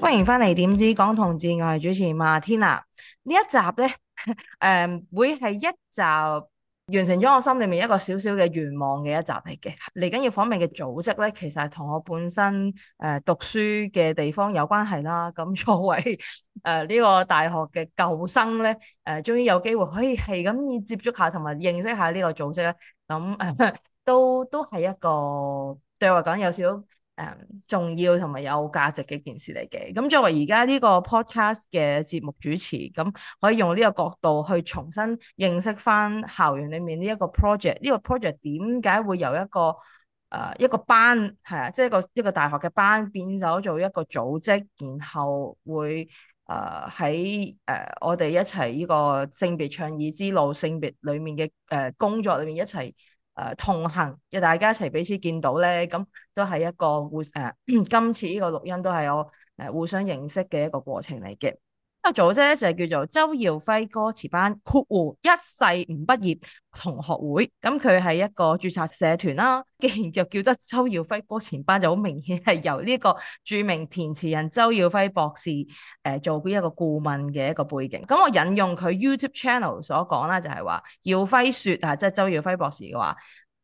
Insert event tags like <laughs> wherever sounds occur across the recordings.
歡迎返嚟《點知講同志》，我係主持馬天娜。呢一集咧，誒會係一集。完成咗我心裏面一個少少嘅願望嘅一集嚟嘅。嚟緊要訪問嘅組織咧，其實係同我本身誒、呃、讀書嘅地方有關係啦。咁作為誒呢、呃這個大學嘅舊生咧，誒終於有機會可以係咁要接觸下同埋認識下呢個組織咧，咁、呃、都都係一個對我嚟講有少誒，重要同埋有價值嘅件事嚟嘅。咁作為而家呢個 podcast 嘅節目主持，咁可以用呢個角度去重新認識返校園裏面呢一個 project。呢個 project 點解會由一個誒一個班係啊，即係一個一個大學嘅班變咗做一個組織，然後會誒喺誒我哋一齊呢個性別倡議之路性別裏面嘅誒工作裏面一齊。誒、呃、同行，又大家一齊彼此見到咧，咁都係一個互誒、呃，今次呢個錄音都係我誒互相認識嘅一個過程嚟嘅。個組織咧就係叫做周耀輝歌詞班括弧一世唔畢業同學會，咁佢係一個註冊社團啦。既然就叫得周耀輝歌詞班，就好明顯係由呢個著名填詞人周耀輝博士誒、呃、做呢一個顧問嘅一個背景。咁我引用佢 YouTube channel 所講啦，就係話耀輝説，啊即係周耀輝博士嘅話，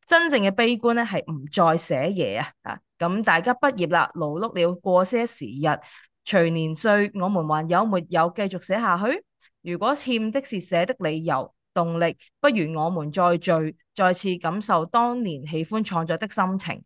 真正嘅悲觀咧係唔再寫嘢啊！啊咁大家畢業啦，勞碌了過些時日。隨年歲，我們還有沒有繼續寫下去？如果欠的是寫的理由、動力，不如我們再聚，再次感受當年喜歡創作的心情。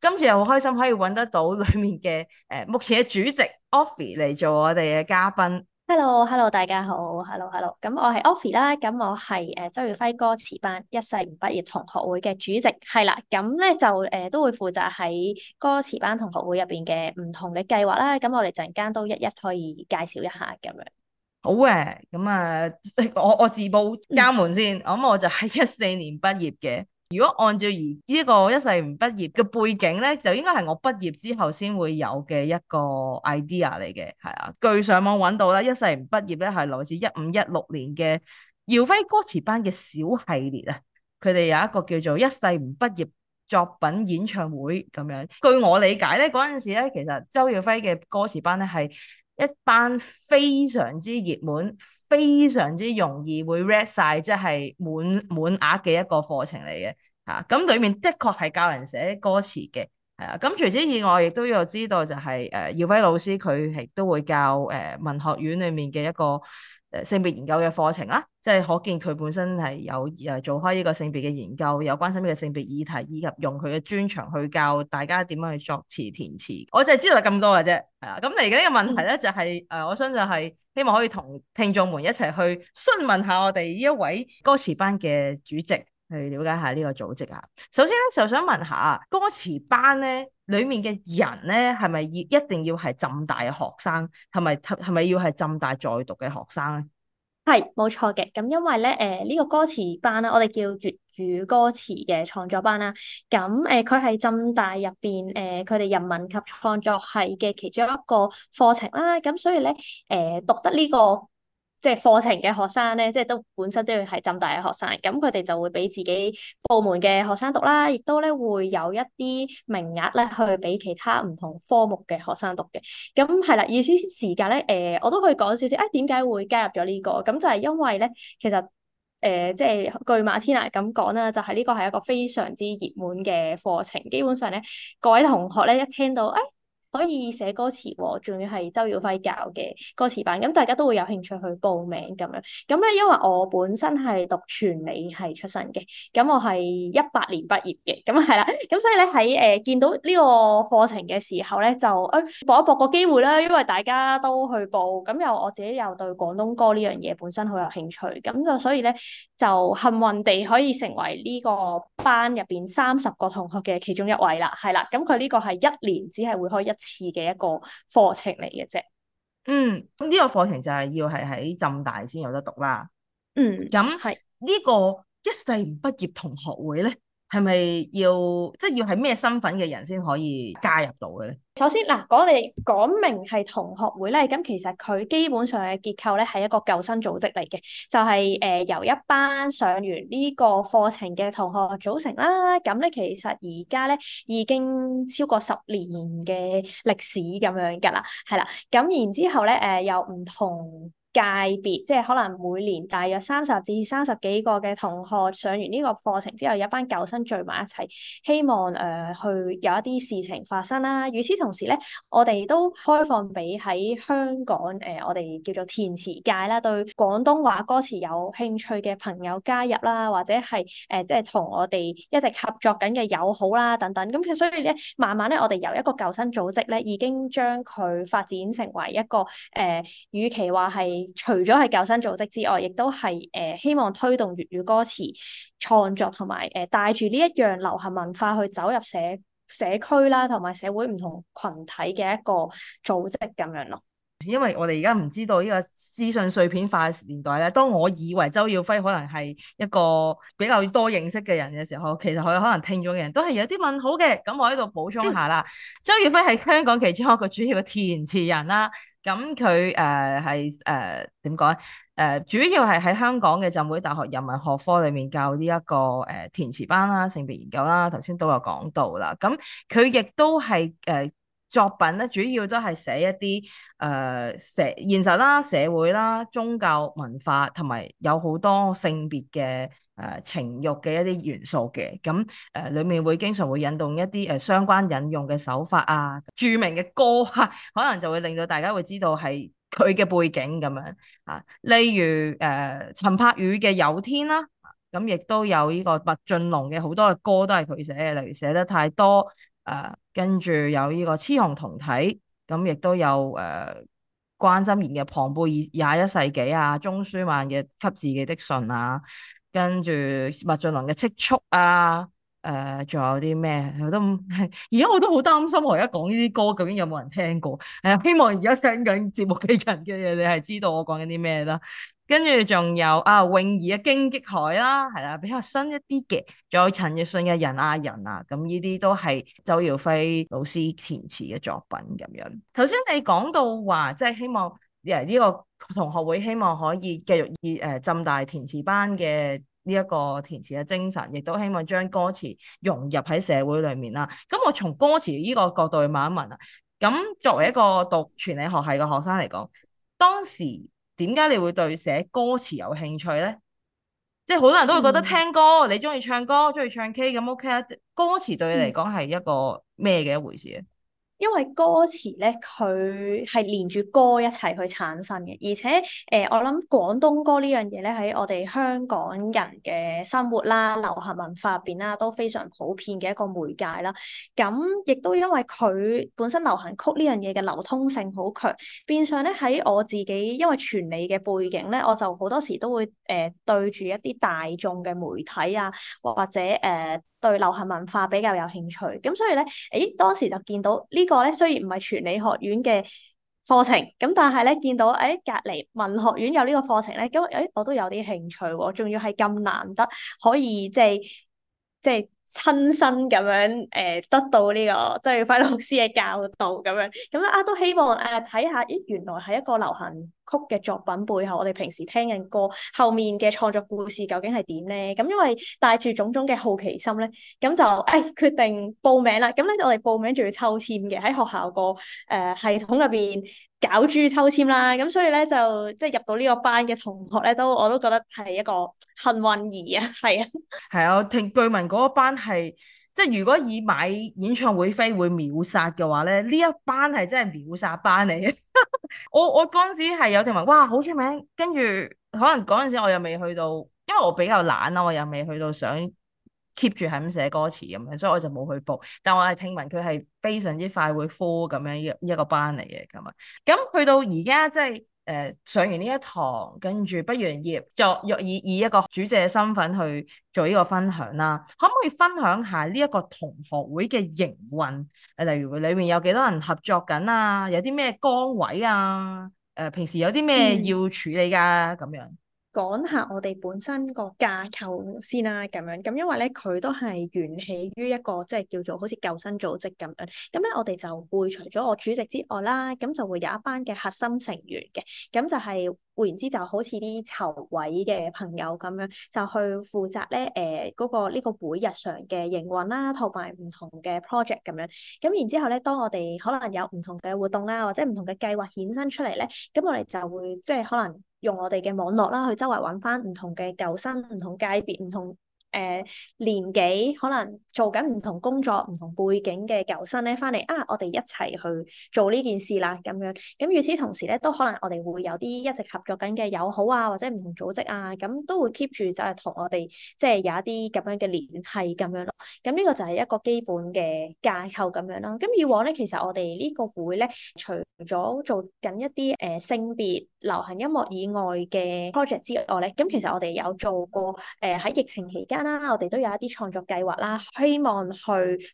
今次又好開心可以揾得到裏面嘅誒、呃，目前嘅主席 Offy 嚟做我哋嘅嘉賓。Hello，Hello，Hello, 大家好，Hello，Hello，咁 Hello。我係 Offy 啦，咁我係誒周耀輝歌詞班一世唔畢業同學會嘅主席，係啦，咁咧就誒、呃、都會負責喺歌詞班同學會入邊嘅唔同嘅計劃啦，咁我哋陣間都一一可以介紹一下咁樣。好誒、啊，咁啊，我我自報家門先，咁、嗯、我，我就係一四年畢業嘅。如果按照而呢個一世唔畢業嘅背景咧，就應該係我畢業之後先會有嘅一個 idea 嚟嘅，係啊。據上網揾到啦，一世唔畢業咧係來自一五一六年嘅耀輝歌詞班嘅小系列啊，佢哋有一個叫做一世唔畢業作品演唱會咁樣。據我理解咧，嗰陣時咧其實周耀輝嘅歌詞班咧係。一班非常之熱門、非常之容易會 red 晒，即係滿滿額嘅一個課程嚟嘅。吓、啊、咁裏面的確係教人寫歌詞嘅，係啊，咁除此以外，亦都有知道就係、是、誒、啊、耀輝老師佢係都會教誒、啊、文學院裏面嘅一個。誒，性別研究嘅課程啦，即係可見佢本身係有誒做開呢個性別嘅研究，有關心呢個性別議題，以及用佢嘅專長去教大家點樣去作詞填詞。我就係知道咁多嘅啫，係、啊、啦。咁嚟緊呢個問題咧、就是，就係誒，我相信係希望可以同聽眾們一齊去詢問下我哋呢一位歌詞班嘅主席。去了解下呢個組織啊。首先咧，就想問下歌詞班咧裏面嘅人咧，係咪要一定要係浸大嘅學生？係咪係咪要係浸大在讀嘅學生咧？係，冇錯嘅。咁因為咧，誒、呃、呢、這個歌詞班啦，我哋叫粵語歌詞嘅創作班啦。咁、嗯、誒，佢、呃、係浸大入邊誒佢哋人文及創作系嘅其中一個課程啦。咁、嗯、所以咧，誒、呃、讀得呢、這個。即係課程嘅學生咧，即係都本身都要係浸大嘅學生，咁佢哋就會俾自己部門嘅學生讀啦，亦都咧會有一啲名額咧去俾其他唔同科目嘅學生讀嘅。咁係啦，意思少時間咧，誒、呃，我都可以講少少，誒、哎，點解會加入咗、這、呢個？咁就係因為咧，其實誒、呃，即係據馬天娜咁講啦，就係、是、呢個係一個非常之熱門嘅課程，基本上咧，各位同學咧一聽到，誒、哎。可以寫歌詞喎，仲要係周耀輝教嘅歌詞班，咁大家都會有興趣去報名咁樣。咁咧，因為我本身係讀傳理系出身嘅，咁我係一八年畢業嘅，咁係啦，咁所以咧喺誒見到呢個課程嘅時候咧，就搏、欸、一搏個機會啦。因為大家都去報，咁又我自己又對廣東歌呢樣嘢本身好有興趣，咁就所以咧就幸運地可以成為呢個班入邊三十個同學嘅其中一位啦。係啦，咁佢呢個係一年只係會開一次嘅一個課程嚟嘅啫，嗯，咁、這、呢個課程就係要係喺浸大先有得讀啦，嗯，咁呢那是個一世唔畢業同學會咧。係咪要即係要係咩身份嘅人先可以加入到嘅咧？首先嗱，我哋講明係同學會咧，咁其實佢基本上嘅結構咧係一個舊生組織嚟嘅，就係，是，誒由一班上完呢個課程嘅同學組成啦。咁咧其實而家咧已經超過十年嘅歷史咁樣噶啦，係啦。咁然之後咧，誒又唔同。界別即係可能每年大約三十至三十幾個嘅同學上完呢個課程之後，有一班舊生聚埋一齊，希望誒、呃、去有一啲事情發生啦。與此同時咧，我哋都開放俾喺香港誒、呃，我哋叫做填詞界啦，對廣東話歌詞有興趣嘅朋友加入啦，或者係誒、呃、即係同我哋一直合作緊嘅友好啦等等。咁、嗯、其所以咧，慢慢咧，我哋由一個舊生組織咧，已經將佢發展成為一個誒、呃，與其話係。除咗係舊生組織之外，亦都係誒、呃、希望推動粵語，語歌詞創作同埋誒帶住呢一樣流行文化去走入社社區啦，同埋社會唔同群體嘅一個組織咁樣咯。因為我哋而家唔知道呢、這個資訊碎片化年代咧，當我以為周耀輝可能係一個比較多認識嘅人嘅時候，其實佢可能聽咗嘅人都係有啲問號嘅。咁我喺度補充下啦，嗯、周耀輝係香港其中一個主要嘅填詞人啦。咁佢誒係誒點講咧？誒、呃呃呃、主要係喺香港嘅浸會大學人文學科裏面教呢一個誒填詞班啦、性別研究啦，頭先都有講到啦。咁佢亦都係誒作品咧，主要都係寫一啲誒社現實啦、社會啦、宗教文化同埋有好多性別嘅，誒、呃、情慾嘅一啲元素嘅，咁誒裏面會經常會引動一啲誒、呃、相關引用嘅手法啊，著名嘅歌啊，可能就會令到大家會知道係佢嘅背景咁、啊、樣啊。例如誒、呃、陳柏宇嘅有天啦，咁、啊、亦都有呢個麥浚龍嘅好多嘅歌都係佢寫嘅，例如寫得太多啊，跟、啊、住有呢、這個雌雄同體，咁亦、嗯、都有誒、呃、關心妍嘅《龐貝二廿一世紀啊的的啊》啊，鍾舒漫嘅《給自己的信》啊。跟住麥浚龍嘅《積蓄》啊，誒、呃，仲有啲咩？我都而家我都好擔心，我而家講呢啲歌究竟有冇人聽過？係、呃、希望而家聽緊節目嘅人嘅嘢，你係知道我講緊啲咩啦。跟住仲有啊，泳兒嘅《荊棘海》啦，係啦，比較新一啲嘅。仲有陳奕迅嘅《人啊人》啊，咁呢啲都係周耀輝老師填詞嘅作品咁樣。頭先你講到話，即係希望。誒呢個同學會希望可以繼續以誒浸大填詞班嘅呢一個填詞嘅精神，亦都希望將歌詞融入喺社會裡面啦。咁我從歌詞呢個角度去問一問啦。咁作為一個讀傳理學系嘅學生嚟講，當時點解你會對寫歌詞有興趣呢？即係好多人都會覺得聽歌，嗯、你中意唱歌，中意唱 K 咁 OK 啊。歌詞對你嚟講係一個咩嘅一回事？因為歌詞咧，佢係連住歌一齊去產生嘅，而且誒、呃，我諗廣東歌呢樣嘢咧，喺我哋香港人嘅生活啦、流行文化入邊啦，都非常普遍嘅一個媒介啦。咁亦都因為佢本身流行曲呢樣嘢嘅流通性好強，變相咧喺我自己因為傳理嘅背景咧，我就好多時都會誒、呃、對住一啲大眾嘅媒體啊，或者誒、呃、對流行文化比較有興趣，咁所以咧，誒當時就見到呢。呢個咧雖然唔係傳理學院嘅課程，咁但係咧見到誒隔離文學院有呢個課程咧，咁、哎、誒我都有啲興趣喎，仲要係咁難得可以即係即係。親身咁樣誒，得到呢、這個即係輝老師嘅教導咁樣，咁咧啊都希望誒睇下，咦原來係一個流行曲嘅作品背後，我哋平時聽緊歌後面嘅創作故事究竟係點咧？咁因為帶住種種嘅好奇心咧，咁就誒、哎、決定報名啦。咁咧我哋報名仲要抽籤嘅，喺學校個誒、呃、系統入邊。攪珠抽籤啦，咁所以咧就即係入到呢個班嘅同學咧，都我都覺得係一個幸運兒 <laughs> 啊，係啊，係啊，我聽據聞嗰班係即係如果以買演唱會飛會秒殺嘅話咧，呢一班係真係秒殺班嚟嘅。 <laughs> 我我嗰陣時係有聽聞，哇好出名，跟住可能嗰陣時我又未去到，因為我比較懶啊，我又未去到想。keep 住係咁寫歌詞咁樣，所以我就冇去報。但我係聽聞佢係非常之快會 full 咁樣一一個班嚟嘅咁啊。咁、嗯、去到而家即係誒上完呢一堂，跟住畢業，作若以以一個主席嘅身份去做呢個分享啦。可唔可以分享下呢一個同學會嘅營運？誒、啊，例如裏面有幾多人合作緊啊？有啲咩崗位啊？誒、呃，平時有啲咩要處理㗎咁樣？嗯講下我哋本身個架構先啦，咁樣咁，因為咧佢都係源起於一個即係叫做好似救生組織咁樣，咁咧我哋就會除咗我主席之外啦，咁就會有一班嘅核心成員嘅，咁就係換言之就好似啲籌委嘅朋友咁樣，就去負責咧誒嗰個呢個會日常嘅營運啦，同埋唔同嘅 project 咁樣。咁然之後咧，當我哋可能有唔同嘅活動啦，或者唔同嘅計劃衍生出嚟咧，咁我哋就會即係可能。用我哋嘅網絡啦，去周圍搵翻唔同嘅舊生、唔同界別、唔同。誒、呃，年紀可能做緊唔同工作、唔同背景嘅舊生咧，翻嚟啊，我哋一齊去做呢件事啦，咁樣。咁與此同時咧，都可能我哋會有啲一,一直合作緊嘅友好啊，或者唔同組織啊，咁都會 keep 住就係同我哋即係有一啲咁樣嘅聯繫咁樣咯。咁呢個就係一個基本嘅架構咁樣啦。咁以往咧，其實我哋呢個會咧，除咗做緊一啲誒、呃、性別流行音樂以外嘅 project 之外咧，咁其實我哋有做過誒喺、呃、疫情期間。啦，我哋都有一啲創作計劃啦，希望去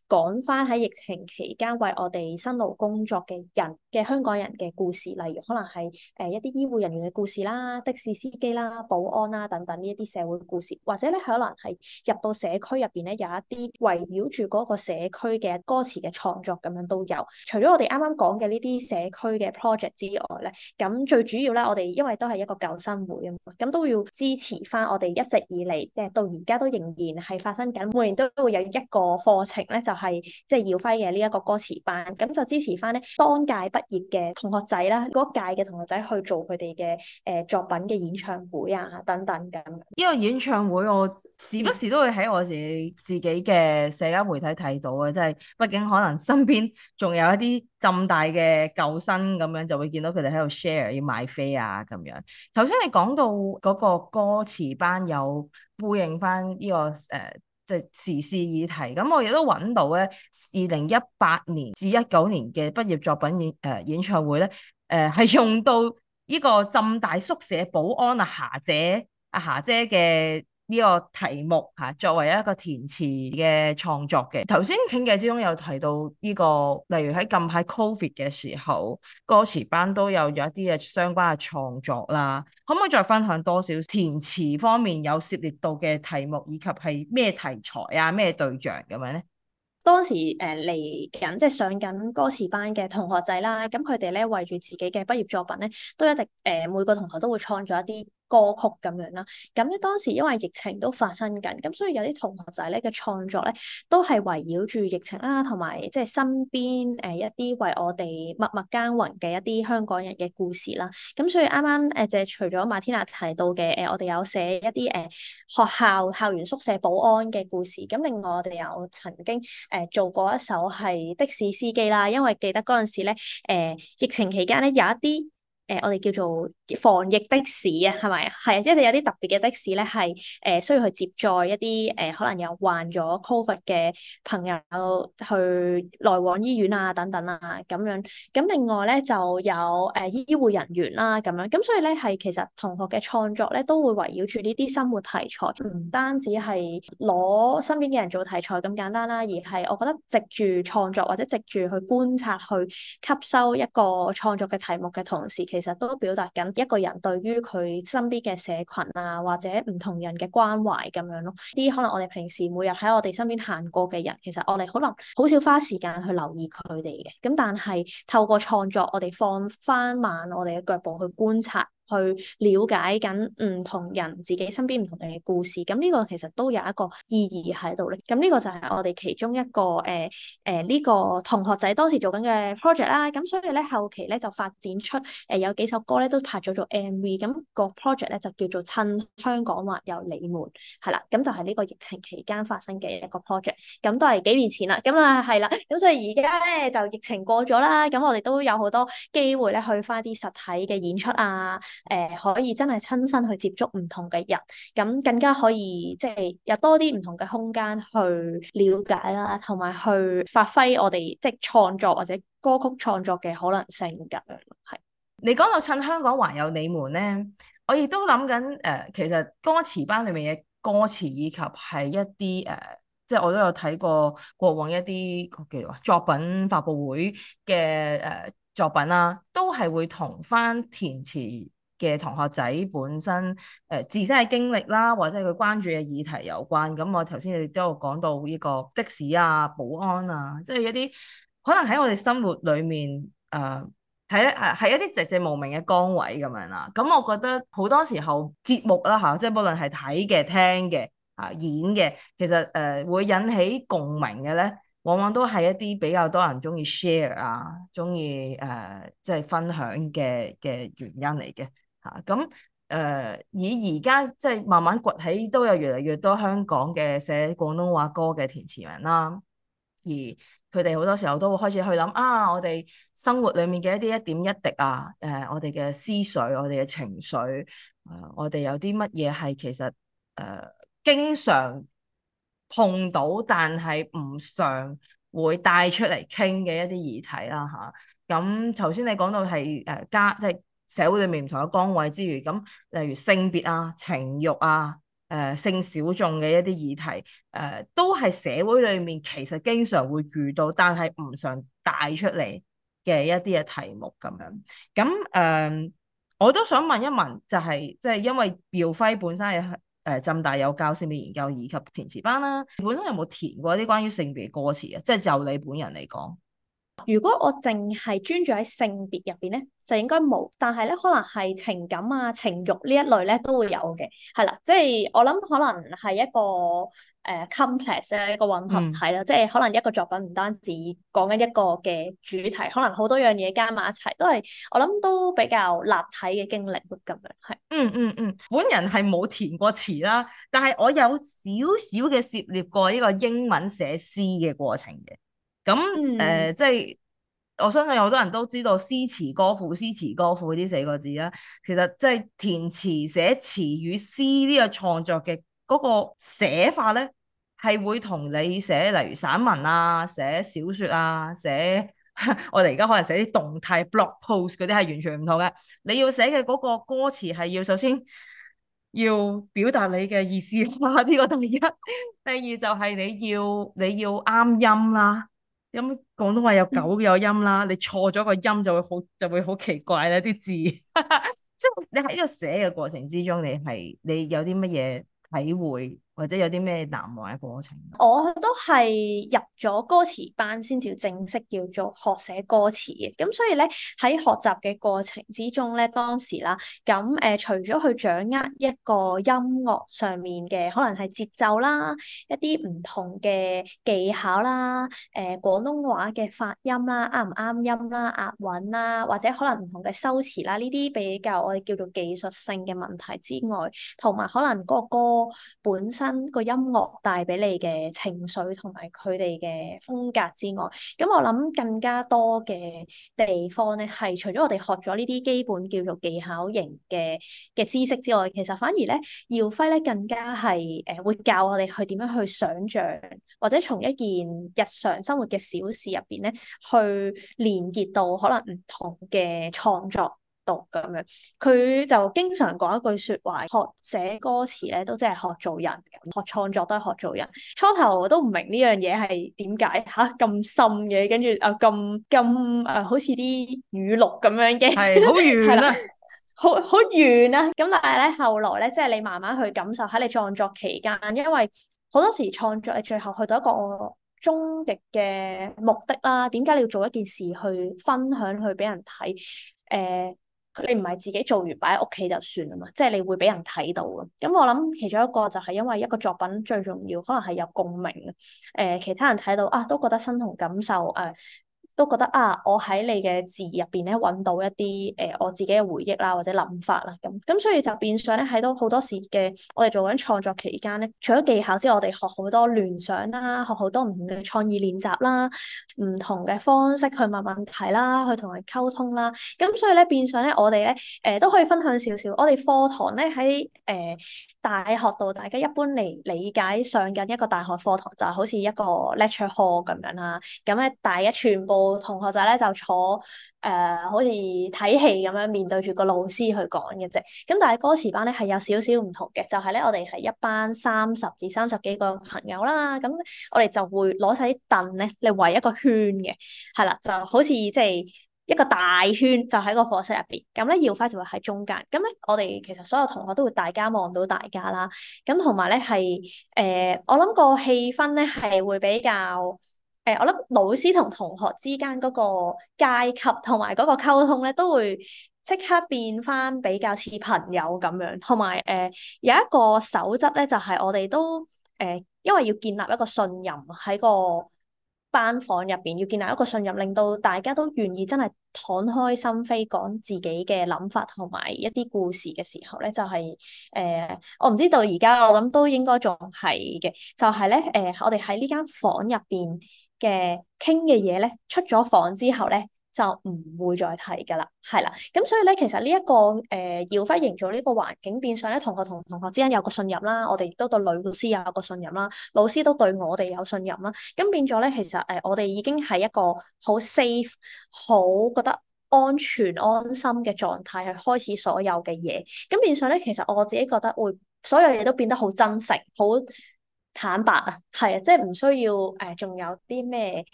講翻喺疫情期間為我哋辛勞工作嘅人嘅香港人嘅故事，例如可能係誒一啲醫護人員嘅故事啦、的士司機啦、保安啦等等呢一啲社會故事，或者咧可能係入到社區入邊咧有一啲圍繞住嗰個社區嘅歌詞嘅創作咁樣都有。除咗我哋啱啱講嘅呢啲社區嘅 project 之外咧，咁最主要咧，我哋因為都係一個舊生會啊，咁都要支持翻我哋一直以嚟即係到而家都，仍然係發生緊，每年都會有一個課程咧，就係即係耀輝嘅呢一個歌詞班，咁就支持返咧當屆畢業嘅同學仔啦，嗰屆嘅同學仔去做佢哋嘅誒作品嘅演唱會啊等等咁樣。呢個演唱會我時不時都會喺我自己自己嘅社交媒體睇到啊，即係畢竟可能身邊仲有一啲浸大嘅舊生咁樣，就會見到佢哋喺度 share 要買飛啊咁樣。頭先你講到嗰個歌詞班有呼應返呢個誒，即係時事議題。咁我亦都揾到咧，二零一八年至一九年嘅畢業作品演誒演唱會咧，誒係用到呢個浸大宿舍保安啊霞姐啊霞姐嘅。呢個題目嚇、啊、作為一個填詞嘅創作嘅，頭先傾偈之中有提到呢、這個，例如喺近排 COVID 嘅時候，歌詞班都有有一啲嘅相關嘅創作啦。可唔可以再分享多少填詞方面有涉獵到嘅題目，以及係咩題材啊、咩對象咁樣咧？當時誒嚟緊即係上緊歌詞班嘅同學仔啦，咁佢哋咧為住自己嘅畢業作品咧，都一定誒每個同學都會創作一啲。歌曲咁樣啦，咁咧當時因為疫情都發生緊，咁所以有啲同學仔咧嘅創作咧都係圍繞住疫情啦，同埋即係身邊誒一啲為我哋默默耕耘嘅一啲香港人嘅故事啦。咁所以啱啱誒，就除咗馬天娜提到嘅誒，我哋有寫一啲誒學校校園宿舍保安嘅故事。咁另外我哋有曾經誒做過一首係的士司機啦，因為記得嗰陣時咧誒疫情期間咧有一啲誒我哋叫做。防疫的士啊，係咪？係啊，即係你有啲特別嘅的、的士咧，係、呃、誒需要去接載一啲誒、呃、可能有患咗 Covid 嘅朋友去來往醫院啊等等啊咁樣，咁另外咧就有誒、呃、醫護人員啦、啊、咁樣，咁所以咧，係其實同學嘅創作咧都會圍繞住呢啲生活題材，唔單止係攞身邊嘅人做題材咁簡單啦、啊，而係我覺得藉住創作或者藉住去觀察去吸收一個創作嘅題目嘅同時其實都表達緊。一個人對於佢身邊嘅社群啊，或者唔同人嘅關懷咁樣咯，呢啲可能我哋平時每日喺我哋身邊行過嘅人，其實我哋可能好少花時間去留意佢哋嘅，咁但係透過創作，我哋放翻慢我哋嘅腳步去觀察。去了解緊唔同人自己身邊唔同人嘅故事，咁呢個其實都有一個意義喺度咧。咁呢個就係我哋其中一個誒誒呢個同學仔當時做緊嘅 project 啦。咁所以咧後期咧就發展出誒、呃、有幾首歌咧都拍咗做 MV，咁個 project 咧就叫做趁香港還有我們，係啦。咁就係呢個疫情期間發生嘅一個 project，咁都係幾年前啦。咁啊係啦，咁所以而家咧就疫情過咗啦，咁我哋都有好多機會咧去返啲實體嘅演出啊！誒、呃，可以真係親身去接觸唔同嘅人，咁更加可以即係、就是、有多啲唔同嘅空間去了解啦，同埋去發揮我哋即係創作或者歌曲創作嘅可能性咁樣咯。係你講到趁香港還有我們呢，我亦都諗緊誒，其實歌詞班裏面嘅歌詞以及係一啲誒、呃，即係我都有睇過過往一啲嘅作品發布會嘅誒、呃、作品啦、啊，都係會同返填詞。嘅同學仔本身誒、呃、自身嘅經歷啦，或者係佢關注嘅議題有關。咁我頭先亦都有講到呢個的士啊、保安啊，即係一啲可能喺我哋生活裏面誒係、呃、一係一啲籍籍無名嘅崗位咁樣啦。咁我覺得好多時候節目啦嚇、啊，即係無論係睇嘅、聽嘅、嚇、啊、演嘅，其實誒、呃、會引起共鳴嘅咧，往往都係一啲比較多人中意 share 啊、中意誒即係分享嘅嘅原因嚟嘅。嚇咁誒，以而家即係慢慢崛起，都有越嚟越多香港嘅寫廣東話歌嘅填詞人啦。而佢哋好多時候都會開始去諗啊，我哋生活裡面嘅一啲一點一滴啊，誒、呃，我哋嘅思緒、我哋嘅情緒，誒、呃，我哋有啲乜嘢係其實誒、呃、經常碰到，但係唔常會帶出嚟傾嘅一啲議題啦嚇。咁頭先你講到係誒、呃、家即係，就是社會裏面唔同嘅崗位之餘，咁例如性別啊、情慾啊、誒、呃、性小眾嘅一啲議題，誒、呃、都係社會裏面其實經常會遇到，但係唔常帶出嚟嘅一啲嘅題目咁樣。咁、呃、誒，我都想問一問，就係即係因為耀輝本身係誒浸大有教性研究以及填詞班啦、啊，本身有冇填過啲關於性別嘅歌詞啊？即係就你本人嚟講。如果我淨係專注喺性別入邊咧，就應該冇。但係咧，可能係情感啊、情欲呢一類咧，都會有嘅。係啦，即係我諗，可能係一個誒、呃、complex，一個混合體啦。嗯、即係可能一個作品唔單止講緊一個嘅主題，可能好多樣嘢加埋一齊，都係我諗都比較立體嘅經歷咁樣。係嗯嗯嗯，本人係冇填過詞啦，但係我有少少嘅涉獵過呢個英文寫詩嘅過程嘅。咁誒那、嗯呃，即係我相信有好多人都知道詩詞歌賦、詩詞歌賦呢四個字啦。其實即係填詞、寫詞與詩呢個創作嘅嗰個寫法咧，係會同你寫例如散文啊、寫小說啊、寫我哋而家可能寫啲動態 blog post 嗰啲係完全唔同嘅。你要寫嘅嗰個歌詞係要首先要表達你嘅意思啦、啊，呢、這個第一。第二就係你要你要啱音啦、啊。咁廣東話有九有音啦，音你錯咗個音就會好就會好奇怪啦啲字， <laughs> <laughs> 即係你喺呢個寫嘅過程之中，你係你有啲乜嘢體會？或者有啲咩難忘嘅過程？我都係入咗歌詞班先至正式叫做學寫歌詞嘅，咁所以咧喺學習嘅過程之中咧，當時啦，咁誒、呃，除咗去掌握一個音樂上面嘅可能係節奏啦，一啲唔同嘅技巧啦，誒、呃，廣東話嘅發音啦，啱唔啱音啦，押韻啦，或者可能唔同嘅修辭啦，呢啲比較我哋叫做技術性嘅問題之外，同埋可能嗰個歌本身。個音樂帶俾你嘅情緒同埋佢哋嘅風格之外，咁我諗更加多嘅地方咧，係除咗我哋學咗呢啲基本叫做技巧型嘅嘅知識之外，其實反而咧，耀輝咧更加係誒會教我哋去點樣去想像，或者從一件日常生活嘅小事入邊咧，去連結到可能唔同嘅創作。讀咁樣，佢就經常講一句說話，學寫歌詞咧，都即係學做人，學創作都係學做人。初頭我都唔明呢樣嘢係點解吓，咁深嘅，跟住啊咁咁啊，好似啲語錄咁樣嘅，係好遠啊， <laughs> 好好遠啊。咁但係咧，後來咧，即係你慢慢去感受喺你創作期間，因為好多時創作你最後去到一個終極嘅目的啦。點解你要做一件事去分享去俾人睇誒？呃你唔係自己做完擺喺屋企就算啦嘛，即係你會俾人睇到嘅。咁我諗其中一個就係因為一個作品最重要，可能係有共鳴嘅。誒、呃，其他人睇到啊，都覺得身同感受誒。啊都覺得啊，我喺你嘅字入邊咧揾到一啲誒、呃、我自己嘅回憶啦，或者諗法啦咁，咁所以就變相咧喺都好多時嘅我哋做緊創作期間咧，除咗技巧之外，我哋學好多聯想啦，學好多唔同嘅創意練習啦，唔同嘅方式去問問題啦，去同人溝通啦，咁所以咧變相咧我哋咧誒都可以分享少少，我哋課堂咧喺誒大學度，大家一般嚟理解上緊一個大學課堂就好似一個 lecture hall 咁樣啦，咁咧大家全部，同學仔咧就坐誒、呃，好似睇戲咁樣面對住個老師去講嘅啫。咁但係歌詞班咧係有少少唔同嘅，就係、是、咧我哋係一班三十至三十幾個朋友啦。咁我哋就會攞晒啲凳咧嚟圍一個圈嘅，係啦，就好似即係一個大圈就個，就喺個課室入邊。咁咧耀輝就會喺中間。咁咧我哋其實所有同學都會大家望到大家啦。咁同埋咧係誒，我諗個氣氛咧係會比較。誒，我諗老師同同學之間嗰個階級同埋嗰個溝通咧，都會即刻變翻比較似朋友咁樣，同埋誒有一個守則咧，就係、是、我哋都誒、呃，因為要建立一個信任喺個班房入邊，要建立一個信任，令到大家都願意真係敞開心扉講自己嘅諗法同埋一啲故事嘅時候咧，就係、是、誒、呃，我唔知道而家我諗都應該仲係嘅，就係咧誒，我哋喺呢間房入邊嘅傾嘅嘢咧，出咗房之後咧，就唔會再提噶啦，係啦。咁所以咧，其實呢、這、一個誒耀輝營造呢個環境，變相咧，同學同同學之間有個信任啦，我哋亦都對女老師有個信任啦，老師都對我哋有信任啦。咁變咗咧，其實誒我哋已經係一個好 safe、好覺得安全安心嘅狀態去開始所有嘅嘢。咁變相咧，其實我自己覺得會所有嘢都變得好真實，好～坦白啊，係啊，即係唔需要誒，呃、仲有啲咩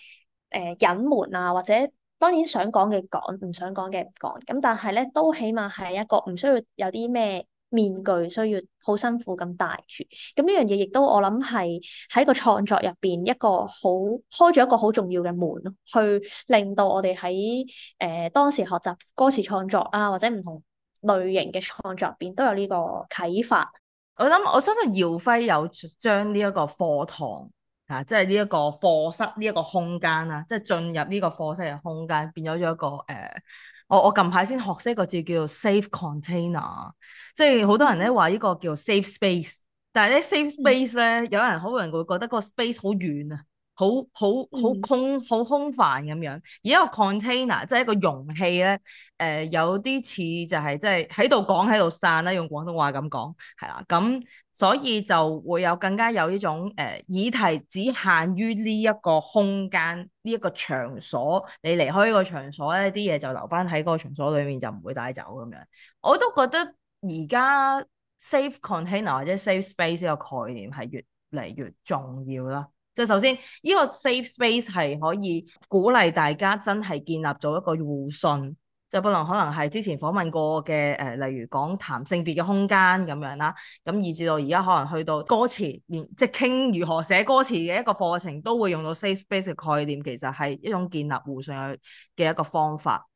誒隱瞞啊，或者當然想講嘅講，唔想講嘅唔講，咁但係咧都起碼係一個唔需要有啲咩面具需要好辛苦咁戴住，咁呢樣嘢亦都我諗係喺個創作入邊一個好開咗一個好重要嘅門，去令到我哋喺誒當時學習歌詞創作啊，或者唔同類型嘅創作入邊都有呢個啟發。我諗我相信耀輝有將呢一個課堂嚇、啊，即係呢一個課室，呢一個空間啦，即係進入呢個課室嘅空間變咗咗一個誒、呃，我我近排先學識一個字叫做 safe container，即係好多人咧話呢個叫 safe space，但係咧 safe space 咧、嗯、有人好容易會覺得嗰個 space 好遠啊。好好好空好空泛咁樣，而一個 container 即係一個容器咧，誒、呃、有啲似就係即係喺度講喺度散啦，用廣東話咁講，係啦，咁所以就會有更加有呢種誒、呃、議題只限於呢一個空間，呢、這、一個場所，你離開呢個場所咧，啲嘢就留翻喺嗰個場所裏面，就唔會帶走咁樣。我都覺得而家 safe container 或者 safe space 呢個概念係越嚟越重要啦。即係首先，呢、這個 safe space 係可以鼓勵大家真係建立咗一個互信。就不論可能係之前訪問過嘅誒、呃、例如講談性別嘅空間咁樣啦，咁以至到而家可能去到歌詞，連即係傾如何寫歌詞嘅一個課程，都會用到 safe space 嘅概念。其實，係一種建立互信嘅嘅一個方法。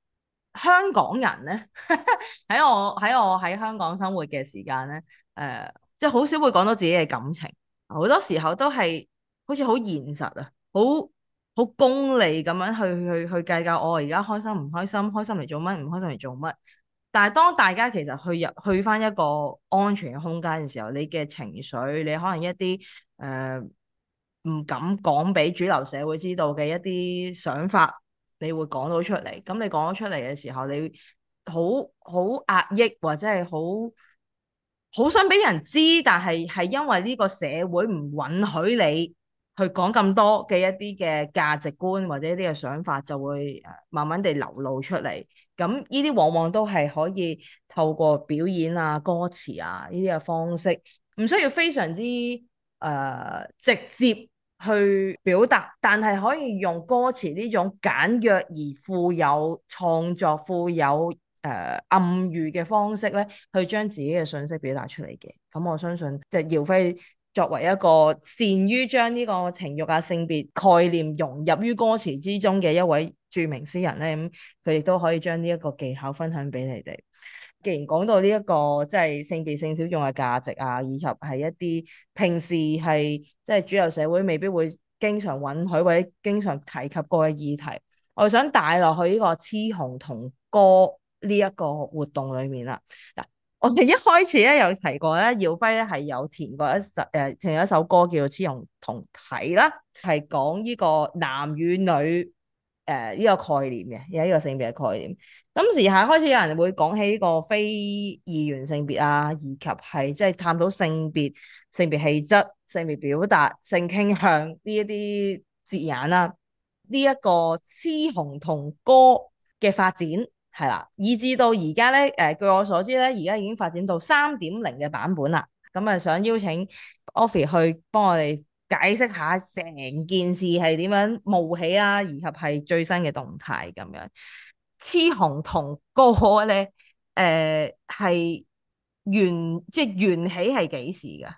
香港人咧，喺 <laughs> 我喺我喺香港生活嘅時間咧，誒即係好少會講到自己嘅感情，好多時候都係。好似好現實啊，好好功利咁樣去去去計較我而家開心唔開心，開心嚟做乜，唔開心嚟做乜。但係當大家其實去入去翻一個安全嘅空間嘅時候，你嘅情緒，你可能一啲誒唔敢講俾主流社會知道嘅一啲想法，你會講到出嚟。咁你講到出嚟嘅時候，你好好壓抑或者係好好想俾人知，但係係因為呢個社會唔允許你。去講咁多嘅一啲嘅價值觀或者一啲嘅想法，就會誒慢慢地流露出嚟。咁呢啲往往都係可以透過表演啊、歌詞啊呢啲嘅方式，唔需要非常之誒、呃、直接去表達，但係可以用歌詞呢種簡約而富有創作、富有誒、呃、暗喻嘅方式咧，去將自己嘅信息表達出嚟嘅。咁我相信即就是、周耀輝。作為一個善於將呢個情慾啊、性別概念融入於歌詞之中嘅一位著名詩人咧，咁佢亦都可以將呢一個技巧分享俾你哋。既然講到呢、這、一個即係性別性小眾嘅價值啊，以及係一啲平時係即係主流社會未必會經常允許或者經常提及過嘅議題，我想帶落去呢、這個雌雄同歌呢一、這個活動裏面啦。嗱。我哋一開始咧，有提過咧，耀輝咧係有填過一首誒，填、呃、有一首歌叫做《雌雄同體》啦，係講呢個男與女誒呢、呃這個概念嘅，有一呢個性別嘅概念。咁時下開始有人會講起呢個非二元性別啊，以及係即係探討性別、性別氣質、性別表達、性傾向呢一啲字眼啦、啊。呢、這、一個雌雄同歌嘅發展。係啦，以至到而家咧，誒、呃、據我所知咧，而家已經發展到三點零嘅版本啦。咁啊，想邀請 Offy 去幫我哋解釋下成件事係點樣冒起啊，以及係最新嘅動態咁樣。雌雄同歌咧，誒係源即係源起係幾時㗎？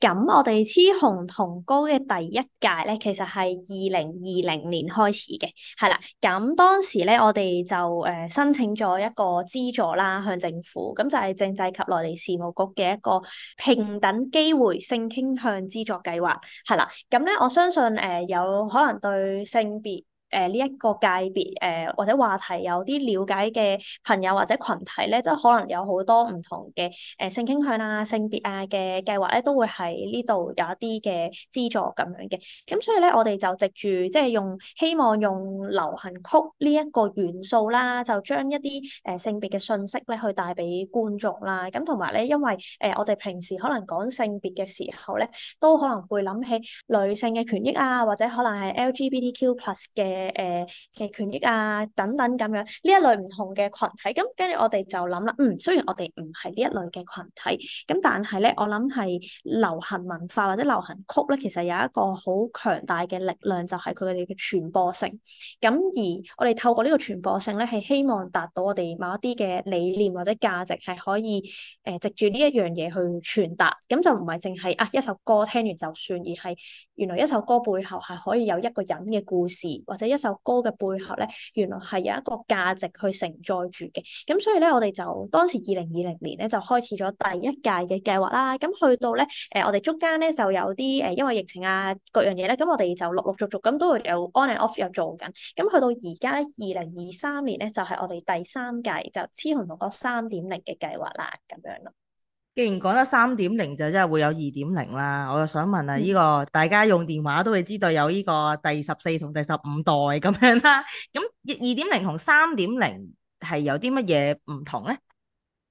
咁我哋雌雄同高嘅第一屆咧，其實係二零二零年開始嘅，係啦。咁當時咧，我哋就誒、呃、申請咗一個資助啦，向政府咁就係政制及內地事務局嘅一個平等機會性傾向資助計劃，係啦。咁咧，我相信誒、呃、有可能對性別。誒呢一個界別誒、呃、或者話題有啲了解嘅朋友或者群體咧，都可能有好多唔同嘅誒、呃、性傾向啊、性別啊嘅計劃咧，都會喺呢度有一啲嘅資助咁樣嘅。咁所以咧，我哋就藉住即係用希望用流行曲呢一個元素啦，就將一啲誒、呃、性別嘅信息咧去帶俾觀眾啦。咁同埋咧，因為誒、呃、我哋平時可能講性別嘅時候咧，都可能會諗起女性嘅權益啊，或者可能係 LGBTQ plus 嘅嘅誒嘅權益啊，等等咁樣，呢一類唔同嘅群體，咁跟住我哋就諗啦，嗯，雖然我哋唔係呢一類嘅群體，咁但係咧，我諗係流行文化或者流行曲咧，其實有一個好強大嘅力量，就係佢哋嘅傳播性。咁而我哋透過呢個傳播性咧，係希望達到我哋某一啲嘅理念或者價值，係可以誒、呃、藉住呢一樣嘢去傳達。咁就唔係淨係啊一首歌聽完就算，而係原來一首歌背後係可以有一個人嘅故事，或者一首歌嘅背後咧，原來係有一個價值去承載住嘅，咁所以咧，我哋就當時二零二零年咧就開始咗第一屆嘅計劃啦，咁去到咧，誒，我哋中間咧就有啲誒，因為疫情啊，各樣嘢咧，咁我哋就陸陸續續咁都會有 on and off 又做緊，咁去到而家咧，二零二三年咧就係我哋第三屆就雌雄同角三點零嘅計劃啦，咁樣咯。既然講得三點零，就真係會有二點零啦。我就想問啊，呢個大家用電話都會知道有呢個第十四同第十五代咁樣啦。咁二點零同三點零係有啲乜嘢唔同呢？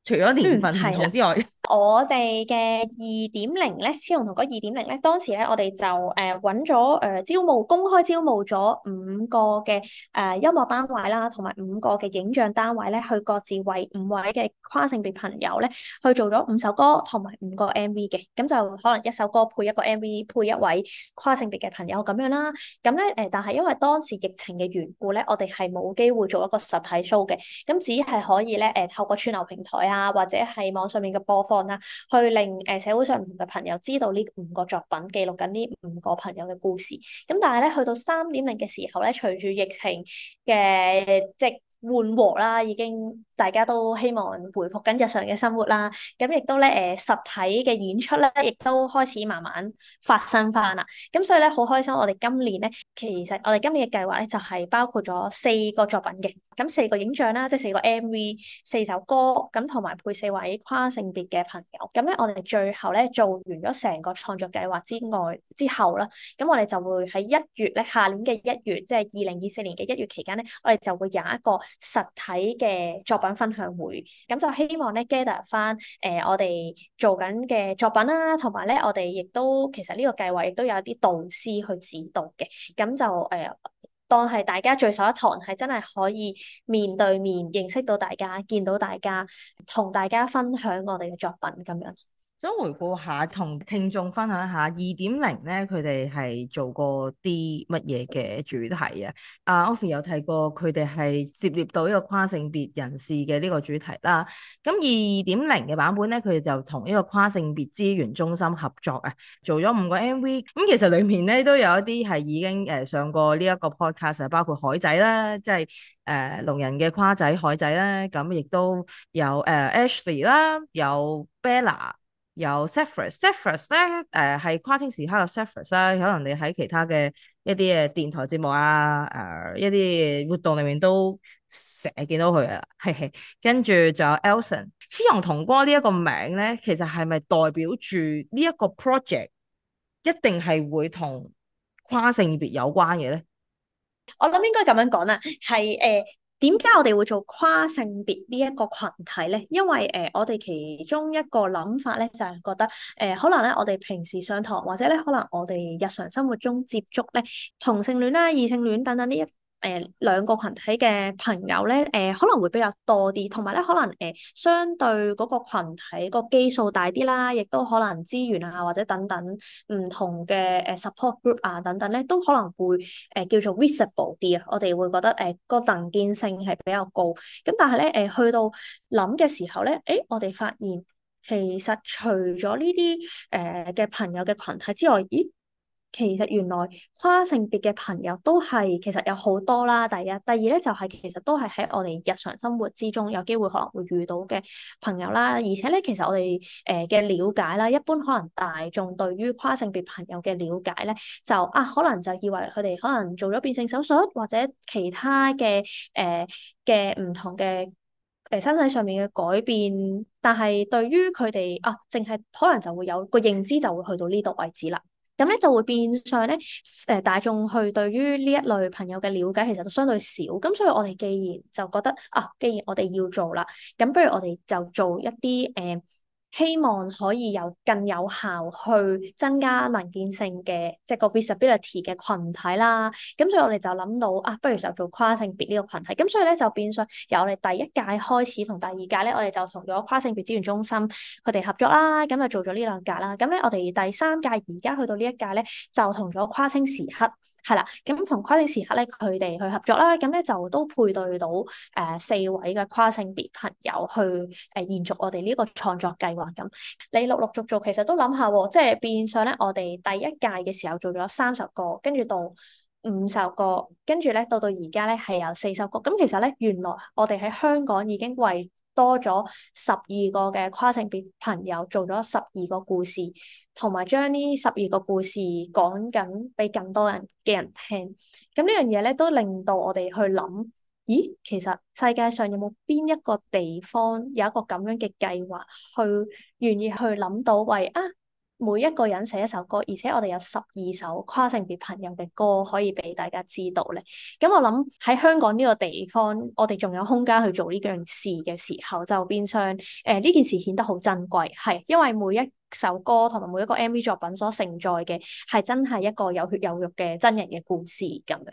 除咗年份唔同之外。我哋嘅二點零咧，千紅同哥二點零咧，當時咧我哋就誒揾咗誒招募，公開招募咗五個嘅誒、呃、音樂單位啦，同埋五個嘅影像單位咧，去各自為五位嘅跨性別朋友咧去做咗五首歌同埋五個 MV 嘅，咁就可能一首歌配一個 MV，配一位跨性別嘅朋友咁樣啦。咁咧誒，但係因為當時疫情嘅緣故咧，我哋係冇機會做一個實體 show 嘅，咁只係可以咧誒、呃、透過串流平台啊，或者係網上面嘅播放。去令誒社會上唔同嘅朋友知道呢五個作品記錄緊呢五個朋友嘅故事。咁但係咧，去到三點零嘅時候咧，隨住疫情嘅即係緩和啦，已經大家都希望回復緊日常嘅生活啦。咁亦都咧誒實體嘅演出咧，亦都開始慢慢發生翻啦。咁所以咧好開心，我哋今年咧其實我哋今年嘅計劃咧就係包括咗四個作品嘅。咁四個影像啦，即係四個 MV，四首歌，咁同埋配四位跨性別嘅朋友。咁咧，我哋最後咧做完咗成個創作計劃之外之後啦，咁我哋就會喺一月咧，下年嘅一月，即係二零二四年嘅一月期間咧，我哋就會有一個實體嘅作品分享會。咁就希望咧 gather 翻誒我哋做緊嘅作品啦，同埋咧我哋亦都其實呢個計劃亦都有啲導師去指導嘅。咁就誒。呃當係大家聚首一堂，係真係可以面對面認識到大家，見到大家，同大家分享我哋嘅作品咁樣。想回顧下，同聽眾分享一下二點零咧，佢哋係做過啲乜嘢嘅主題啊？阿、uh, Offy 有提過，佢哋係涉獵到一個跨性別人士嘅呢個主題啦。咁二點零嘅版本咧，佢哋就同呢個跨性別資源中心合作啊，做咗五個 MV。咁、嗯、其實裏面咧都有一啲係已經誒上過呢一個 podcast，包括海仔啦，即係誒聾人嘅跨仔海仔啦。咁亦都有誒、呃、Ashley 啦，有 Bella。S 有 s e p h u s s e p h u s 咧，誒、呃、係跨星時刻嘅 s e p h u s 啦、啊，可能你喺其他嘅一啲嘅電台節目啊，誒、呃、一啲活動裏面都成日見到佢啊，嘿嘿，跟住仲有 Elson，雌雄同歌呢一個名咧，其實係咪代表住呢一個 project 一定係會同跨性別有關嘅咧？我諗應該咁樣講啦，係誒。呃點解我哋會做跨性別呢一個群體咧？因為誒、呃，我哋其中一個諗法咧，就係、是、覺得誒、呃，可能咧我哋平時上堂或者咧可能我哋日常生活中接觸咧同性戀啦、啊、異性戀等等呢一。誒，兩、呃、個群體嘅朋友咧，誒、呃、可能會比較多啲，同埋咧可能誒、呃、相對嗰個群體個基數大啲啦，亦都可能資源啊或者等等唔同嘅誒 support group 啊等等咧，都可能會誒、呃、叫做 visible 啲啊，我哋會覺得誒、呃、個能見性係比較高。咁但係咧誒去到諗嘅時候咧，誒我哋發現其實除咗呢啲誒嘅朋友嘅群體之外，咦？其實原來跨性別嘅朋友都係其實有好多啦，第一，第二咧就係其實都係喺我哋日常生活之中有機會可能會遇到嘅朋友啦。而且咧，其實我哋誒嘅了解啦，一般可能大眾對於跨性別朋友嘅了解咧，就啊可能就以為佢哋可能做咗變性手術或者其他嘅誒嘅唔同嘅誒身體上面嘅改變，但係對於佢哋啊，淨係可能就會有個認知就會去到呢度位置啦。咁咧就會變相咧，誒大眾去對於呢一類朋友嘅了解其實就相對少，咁所以我哋既然就覺得啊，既然我哋要做啦，咁不如我哋就做一啲誒。嗯希望可以有更有效去增加能見性嘅，即係個 visibility 嘅群體啦。咁所以我哋就諗到啊，不如就做跨性別呢個群體。咁所以咧就變相由我哋第一屆開始同第二屆咧，我哋就同咗跨性別資源中心佢哋合作啦。咁就做咗呢兩屆啦。咁咧我哋第三屆而家去到呢一屆咧，就同咗跨青時刻。係啦，咁同、嗯、跨性時刻咧，佢哋去合作啦，咁、嗯、咧就都配對到誒、呃、四位嘅跨性別朋友去誒延續我哋呢個創作計劃咁，嗯。你陸陸續續其實都諗下喎，即係變相咧，我哋第一屆嘅時候做咗三十個，跟住到五十個，跟住咧到到而家咧係有四十個。咁、嗯、其實咧，原來我哋喺香港已經為。多咗十二個嘅跨性別朋友，做咗十二個故事，同埋將呢十二個故事講緊俾更多人嘅人聽。咁呢樣嘢咧，都令到我哋去諗，咦，其實世界上有冇邊一個地方有一個咁樣嘅計劃，去願意去諗到喂！啊？每一個人寫一首歌，而且我哋有十二首跨性別朋友嘅歌可以俾大家知道咧。咁我諗喺香港呢個地方，我哋仲有空間去做呢件事嘅時候，就變相誒呢、呃、件事顯得好珍貴，係因為每一。首歌同埋每一個 MV 作品所承載嘅係真係一個有血有肉嘅真人嘅故事咁樣，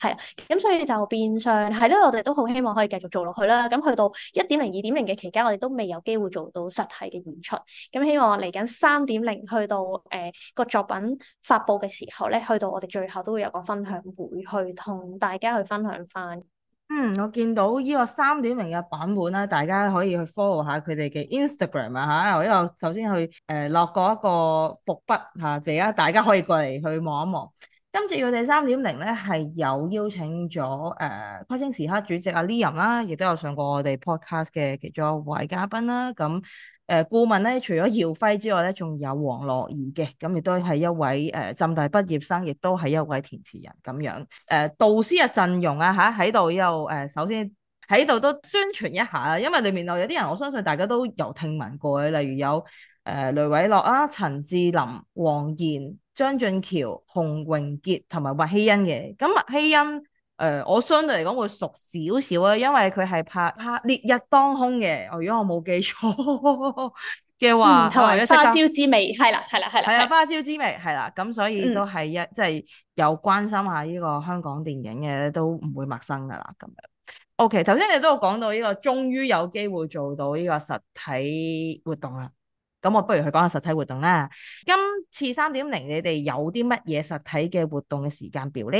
係啊，咁所以就變相係咯，我哋都好希望可以繼續做落去啦。咁去到一點零、二點零嘅期間，我哋都未有機會做到實體嘅演出。咁希望嚟緊三點零去到誒個、呃、作品發佈嘅時候咧，去到我哋最後都會有個分享會去同大家去分享返。嗯，我見到呢個三點零嘅版本咧，大家可以去 follow 下佢哋嘅 Instagram 啊嚇，因為我首先去誒、呃、落過一個伏筆嚇，而、啊、家大家可以過嚟去望一望。今次佢哋三點零咧，係有邀請咗誒《開、呃、聲時刻》主席阿 Leon 啦，亦都有上過我哋 podcast 嘅其中一位嘉賓啦。咁、啊、誒顧問咧，除咗耀輝之外咧，仲有王樂儀嘅，咁亦都係一位誒浸、啊、大畢業生，亦都係一位填詞人咁樣。誒、啊、導師嘅陣容啊，嚇喺度又誒，首先喺度都宣傳一下啦，因為裏面有有啲人，我相信大家都有聽聞過嘅，例如有誒、呃、雷偉樂啦、啊、陳志霖、黃燕、張俊橋、洪榮傑同埋麥希欣嘅，咁麥希欣誒、呃，我相對嚟講會熟少少啦，因為佢係拍《拍烈日當空》嘅，如果我冇記錯嘅話，係同、哎、花椒之味，係啦、啊，係啦、啊，係啦、啊，係啊，啊，花椒之味，係啦、啊，咁所以都係一即係、就是、有關心下呢個香港電影嘅都唔會陌生噶啦，咁樣。OK，頭先你都有講到呢、這個終於有機會做到呢個實體活動啦。咁我不如去講下實體活動啦。今次三點零，你哋有啲乜嘢實體嘅活動嘅時間表呢？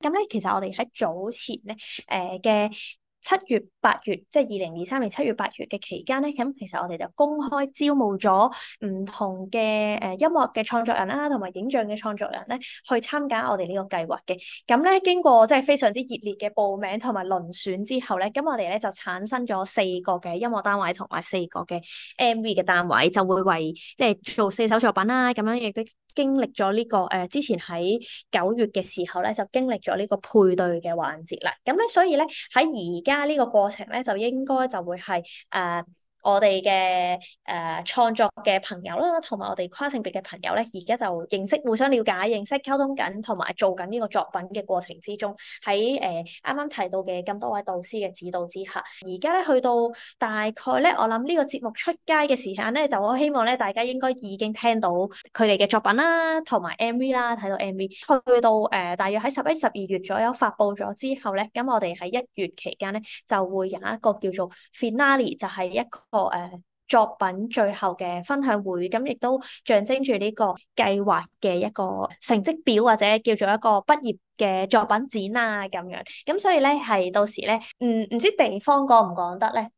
咁咧，其實我哋喺早前咧，誒、呃、嘅。七月八月即係二零二三年七月八月嘅期間咧，咁其實我哋就公開招募咗唔同嘅誒音樂嘅創作人啦，同埋影像嘅創作人咧，去參加我哋呢個計劃嘅。咁咧經過即係非常之熱烈嘅報名同埋輪選之後咧，咁我哋咧就產生咗四個嘅音樂單位同埋四個嘅 MV 嘅單位，就會為即係、即係、做四首作品啦。咁樣亦都。經歷咗呢個誒、呃，之前喺九月嘅時候咧，就經歷咗呢個配對嘅環節啦。咁咧，所以咧喺而家呢個過程咧，就應該就會係誒。呃我哋嘅誒創作嘅朋友啦，同埋我哋跨性別嘅朋友咧，而家就認識互相了解、認識溝通緊，同埋做緊呢個作品嘅過程之中，喺誒啱啱提到嘅咁多位導師嘅指導之下，而家咧去到大概咧，我諗呢個節目出街嘅時間咧，就我希望咧大家應該已經聽到佢哋嘅作品啦，同埋 MV 啦，睇到 MV 去到誒、呃，大約喺十一、十二月左右發佈咗之後咧，咁我哋喺一月期間咧就會有一個叫做 finale 就係一個。個誒作品最後嘅分享會，咁亦都象徵住呢個計劃嘅一個成績表，或者叫做一個畢業嘅作品展啊咁樣。咁所以咧，係到時咧，唔、嗯、唔知地方講唔講得咧？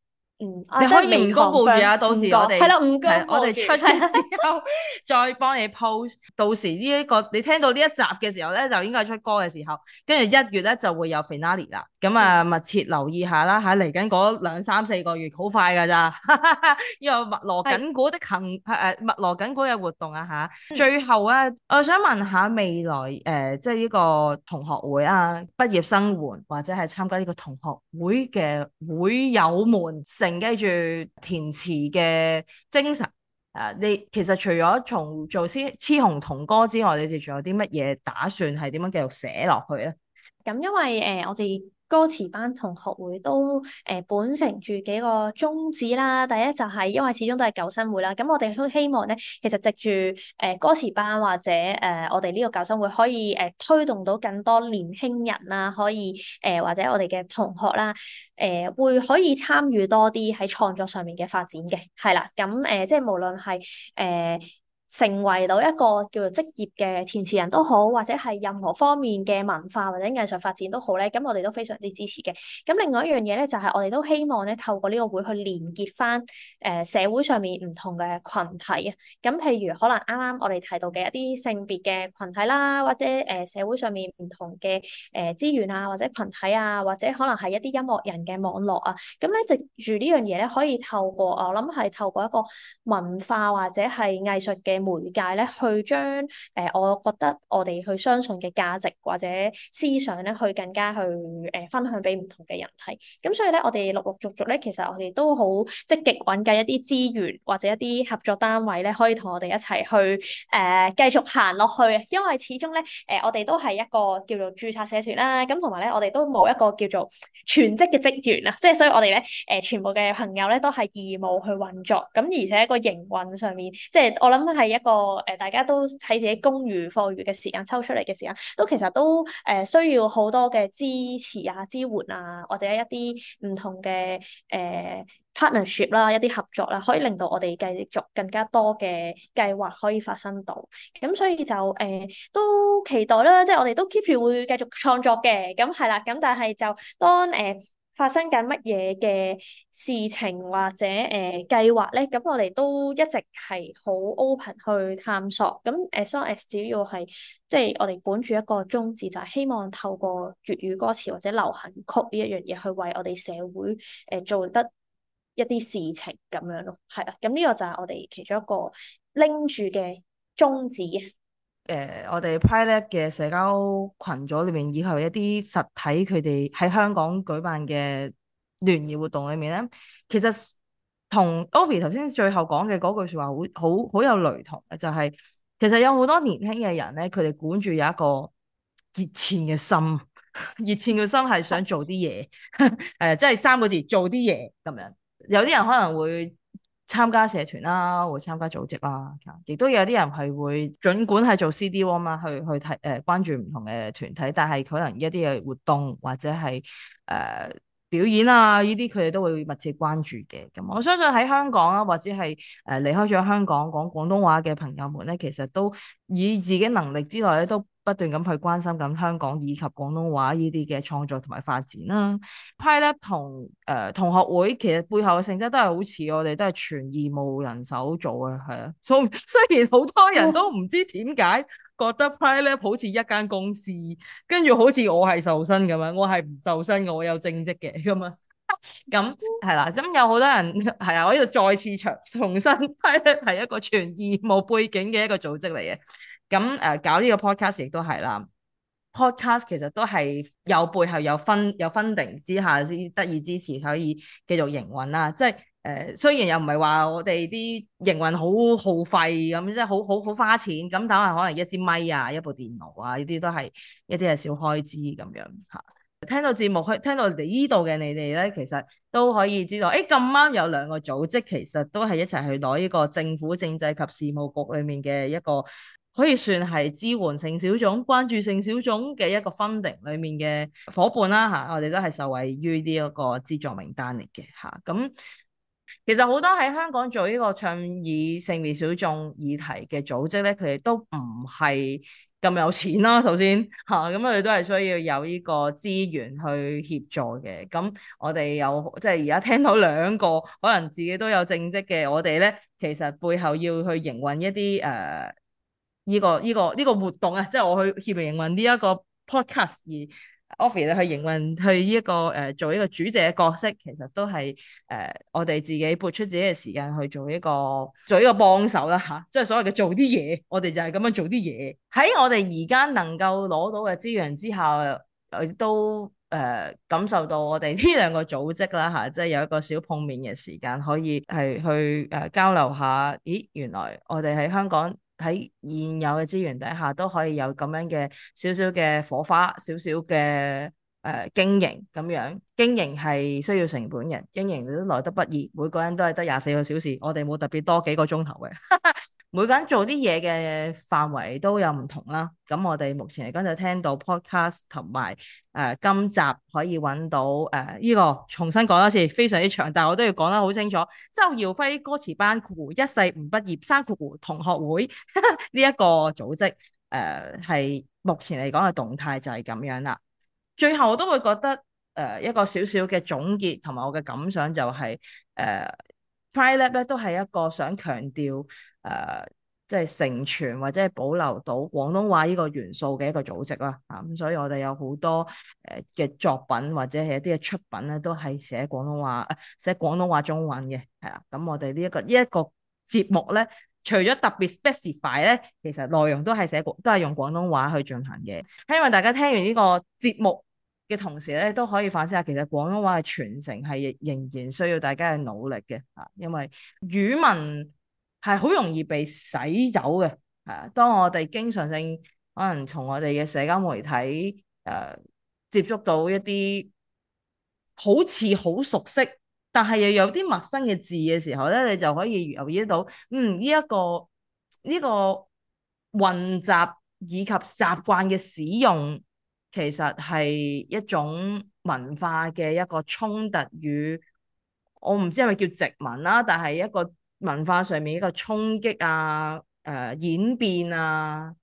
嗯啊、你可以唔公布住啊，到時我哋係啦，唔該我哋出嘅時候 <laughs> 再幫你 post。到時呢、這、一個你聽到呢一集嘅時候咧，就應該出歌嘅時候，跟住一月咧就會有 finale 啦。咁啊，密切留意下啦，吓嚟緊嗰兩三四個月好快噶咋，密鑼緊鼓的行誒，密鑼緊鼓嘅活動啊吓。啊嗯、最後啊，我想問下未來誒，即係呢個同學會啊，畢業生活或者係參加呢個同學會嘅會友們記住填詞嘅精神，誒、啊,你其實除咗從做雌雌雄同歌之外，你哋仲有啲乜嘢打算係點樣繼續寫落去咧？咁因為誒、呃，我哋。歌詞班同學會都誒秉承住幾個宗旨啦，第一就係、是、因為始終都係舊生會啦，咁我哋都希望咧，其實藉住誒、呃、歌詞班或者誒、呃、我哋呢個舊生會，可以誒、呃、推動到更多年輕人啦，可以誒、呃、或者我哋嘅同學啦，誒、呃、會可以參與多啲喺創作上面嘅發展嘅，係啦，咁、呃、誒即係無論係誒、呃成為到一個叫做職業嘅填詞人都好，或者係任何方面嘅文化或者藝術發展都好咧，咁我哋都非常之支持嘅。咁另外一樣嘢咧，就係、是、我哋都希望咧，透過呢個會去連結返誒、呃、社會上面唔同嘅群體啊。咁譬如可能啱啱我哋提到嘅一啲性別嘅群體啦，或者誒、呃、社會上面唔同嘅誒資源啊，或者群體啊，或者可能係一啲音樂人嘅網絡啊。咁咧，藉住呢樣嘢咧，可以透過我諗係透過一個文化或者係藝術嘅媒介咧，去將誒我覺得我哋去相信嘅價值或者思想咧，去更加去誒、呃、分享俾唔同嘅人睇。咁所以咧，我哋陸陸續續咧，其實我哋都好積極揾緊一啲資源或者一啲合作單位咧，可以同我哋一齊去誒繼續行落去。啊、呃，因為始終咧，誒、呃、我哋都係一個叫做註冊社團啦。咁同埋咧，我哋都冇一個叫做全職嘅職員啊，即係所以我哋咧誒全部嘅朋友咧都係義務去運作。咁、啊、而且一個營運上面，即、就、係、是、我諗係。一個誒，大家都喺自己工餘、課餘嘅時間抽出嚟嘅時間，都其實都誒需要好多嘅支持啊、支援啊，或者一啲唔同嘅誒 partnership 啦、一、呃、啲合作啦、啊，可以令到我哋繼續更加多嘅計劃可以發生到。咁所以就誒、呃、都期待啦，即、就、係、是、我哋都 keep 住會繼續創作嘅。咁係啦，咁但係就當誒。呃發生緊乜嘢嘅事情或者誒計劃咧？咁、呃、我哋都一直係好 open 去探索。咁誒，as long as 只要係即係我哋本住一個宗旨，就係、是、希望透過粵語歌詞或者流行曲呢一樣嘢，去為我哋社會誒、呃、做得一啲事情咁樣咯。係啊，咁呢個就係我哋其中一個拎住嘅宗旨。誒、呃，我哋 PrideLab 嘅社交群組裏面，以後一啲實體佢哋喺香港舉辦嘅聯誼活動裏面咧，其實同 Offy 頭先最後講嘅嗰句說話好好好有雷同嘅，就係、是、其實有好多年輕嘅人咧，佢哋管住有一個熱切嘅心，熱切嘅心係想做啲嘢，誒、 <laughs> <laughs> 呃，即、就、係、是、三個字，做啲嘢咁樣，有啲人可能會。參加社團啦，會參加組織啦，亦都有啲人係會，儘管係做 CD w 嘛，去去睇誒、呃、關注唔同嘅團體，但係佢可能一啲嘅活動或者係誒、呃、表演啊呢啲，佢哋都會密切關注嘅。咁我相信喺香港啊，或者係誒、呃、離開咗香港講廣東話嘅朋友們咧，其實都以自己能力之內咧都。不斷咁去關心緊香港以及廣東話呢啲嘅創作同埋發展啦、啊。PrideLab 同誒同學會其實背後嘅性質都係好似我哋都係全義務人手做嘅，係啊。雖然好多人都唔知點解覺得 PrideLab 好似一間公司，跟住好似我係受薪咁樣，我係唔受薪嘅，我有正職嘅咁啊。咁係啦，咁 <laughs> 有好多人係啊，我呢度再次重重申 PrideLab 係一個全義務背景嘅一個組織嚟嘅。咁誒、啊、搞呢個 podcast 亦都係啦，podcast 其實都係有背後有分有 funding 之下先得以支持可以繼續營運啦。即係誒、呃，雖然又唔係話我哋啲營運好耗費咁，即係好好好花錢咁，但係可能一支咪啊，一部電腦啊，呢啲都係一啲係小開支咁樣嚇。聽到節目，去聽到嚟依度嘅你哋咧，其實都可以知道，誒咁啱有兩個組織，其實都係一齊去攞呢個政府政制及事務局裏面嘅一個。可以算係支援性小種、關注性小種嘅一個分 u n 裏面嘅伙伴啦嚇、啊，我哋都係受惠於呢嗰個資助名單嚟嘅嚇。咁、啊嗯、其實好多喺香港做呢個倡議性別小種議題嘅組織咧，佢哋都唔係咁有錢啦。首先嚇，咁佢哋都係需要有呢個資源去協助嘅。咁、啊嗯、我哋有即係而家聽到兩個，可能自己都有正職嘅，我哋咧其實背後要去營運一啲誒。呃呢、這個呢、這個呢、這個活動啊，即係我去協力營運呢一個 podcast，而 office 去營運去呢、這個呃、一個誒做呢個主持嘅角色，其實都係誒、呃、我哋自己撥出自己嘅時間去做呢個做呢個幫手啦吓、啊，即係所謂嘅做啲嘢，我哋就係咁樣做啲嘢。喺我哋而家能夠攞到嘅資源之下，都誒、呃、感受到我哋呢兩個組織啦吓、啊，即係有一個小碰面嘅時間，可以係去誒、呃、交流下，咦原來我哋喺香港。喺現有嘅資源底下，都可以有咁樣嘅少少嘅火花，少少嘅誒經營咁樣。經營係需要成本嘅，經營都來得不易。每個人都係得廿四個小時，我哋冇特別多幾個鐘頭嘅。 <laughs> 每個人做啲嘢嘅範圍都有唔同啦。咁我哋目前嚟講就聽到 podcast 同埋誒、呃、今集可以揾到誒依、呃呢個重新講一次，非常之長，但係我都要講得好清楚。周耀輝歌詞班括弧）一世唔畢業，閂括弧，同學會呢一 <laughs> 個組織誒係、呃、目前嚟講嘅動態就係咁樣啦。最後我都會覺得誒、呃、一個少少嘅總結同埋我嘅感想就係、是、誒。呃 PrideLab 咧都係一個想強調誒，即係承傳或者係保留到廣東話呢個元素嘅一個組織啦。啊、嗯，咁所以我哋有好多誒嘅作品或者係一啲嘅出品咧，都係寫廣東話，誒寫廣東話中文嘅，係啦。咁、嗯、我哋呢一個呢一、呢個節目咧，除咗特別 specify 咧，其實內容都係寫廣都係用廣東話去進行嘅。希望大家聽完呢個節目嘅同時咧，都可以反思下，其實廣東話嘅傳承係仍然需要大家嘅努力嘅吓，因為語文係好容易被洗走嘅吓、啊。當我哋經常性可能從我哋嘅社交媒體誒、啊、接觸到一啲好似好熟悉，但係又有啲陌生嘅字嘅時候咧，你就可以留意到，嗯，呢、呢、一個呢、呢個混雜以及習慣嘅使用。其實係一種文化嘅一個衝突與，我唔知係咪叫殖民啦，但係一個文化上面一個衝擊啊，誒、呃、演變啊，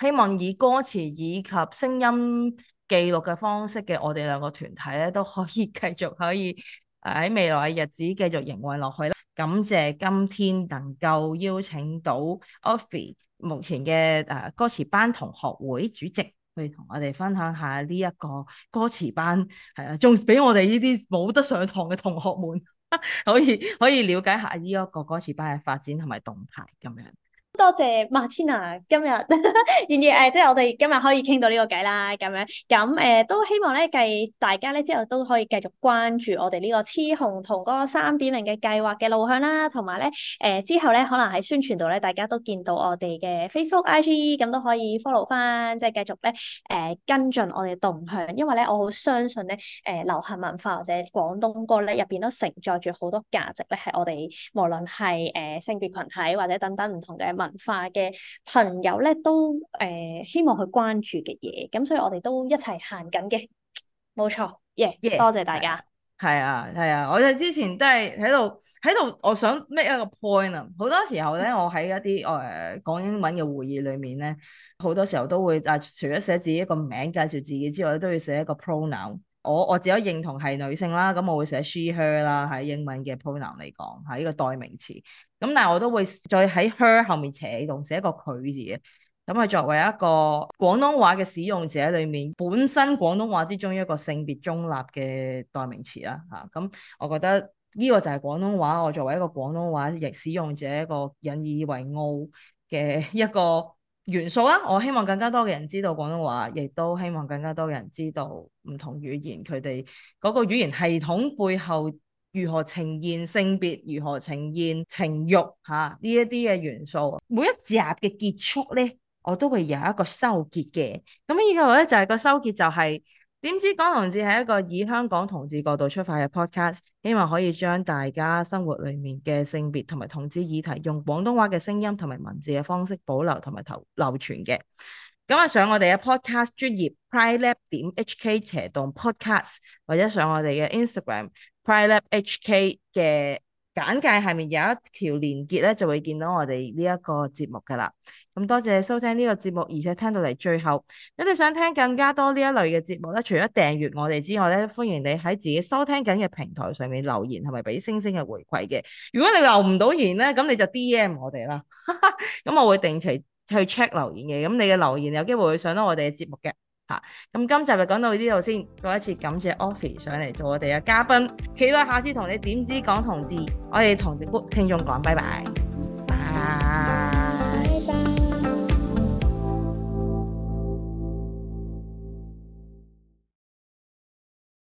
希望以歌詞以及聲音記錄嘅方式嘅，我哋兩個團體咧都可以繼續可以喺未來嘅日子繼續營運落去啦。感謝今天能夠邀請到 Offy 目前嘅誒、呃、歌詞班同學會主席。去同我哋分享下呢一個歌詞班，係啊，仲俾我哋呢啲冇得上堂嘅同學們， <laughs> 可以可以了解下呢一個歌詞班嘅發展同埋動態咁樣。多謝馬天娜， <laughs> 今日願意誒，即係我哋今日可以傾到呢個偈啦，咁樣咁誒、呃、都希望咧，繼大家咧之後都可以繼續關注我哋呢、這個雌雄同歌三點零嘅計劃嘅路向啦，同埋咧誒之後咧可能喺宣傳度咧，大家都見到我哋嘅 Facebook IG，咁都可以 follow 翻，即係繼續咧誒、呃、跟進我哋動向，因為咧我好相信咧誒、呃、流行文化或者廣東歌咧入邊都承載住好多價值咧，係我哋無論係誒、呃、性別羣體或者等等唔同嘅文化嘅朋友咧，都誒、呃、希望去關注嘅嘢，咁所以我哋都一齊行緊嘅，冇錯，耶、yeah，Yeah, 多謝大家。係啊，係啊，啊，啊，我哋之前都係喺度，喺度，我想 make 一個 point 啊。好多時候咧，我喺一啲誒、呃、講英文嘅會議裏面咧，好多時候都會啊，除咗寫自己一個名介紹自己之外，都要寫一個 pronoun、um。我我自己認同係女性啦，咁我會寫 she her 啦，喺英文嘅 pronoun、um、嚟講，係、這、一個代名詞。咁但係我都會再喺 her 後面斜度寫一個佢字嘅，咁係作為一個廣東話嘅使用者裏面，本身廣東話之中一個性別中立嘅代名詞啦。嚇，咁我覺得呢個就係廣東話，我作為一個廣東話亦使用者一個引以為傲嘅一個。元素啦，我希望更加多嘅人知道廣東話，亦都希望更加多嘅人知道唔同語言佢哋嗰個語言系統背後如何呈現性別，如何呈現情欲吓，呢一啲嘅元素。每一集嘅結束咧，我都會有一個收結嘅。咁呢個咧就係個收結就係。點知港同志係一個以香港同志角度出發嘅 podcast，希望可以將大家生活裏面嘅性別同埋同志議題，用廣東話嘅聲音同埋文字嘅方式保留同埋投流傳嘅。咁啊上我哋嘅 podcast 專頁 pridelab 點 h hk 斜動 podcasts，或者上我哋嘅 instagram pridelabhk 嘅。簡介下面有一條連結咧，就會見到我哋呢一個節目噶啦。咁多謝收聽呢個節目，而且聽到嚟最後，如果你想聽更加多呢一類嘅節目咧，除咗訂閱我哋之外咧，歡迎你喺自己收聽緊嘅平台上面留言，係咪俾星星嘅回饋嘅？如果你留唔到言咧，咁你就 DM 我哋啦，咁 <laughs> 我會定期去 check 留言嘅。咁你嘅留言有機會會上到我哋嘅節目嘅。吓，咁、啊、今集就講到呢度先，再一次感謝 Offy 上嚟做我哋嘅嘉賓，期待下次同你點知講同志，我哋同聽眾講，拜拜，拜拜。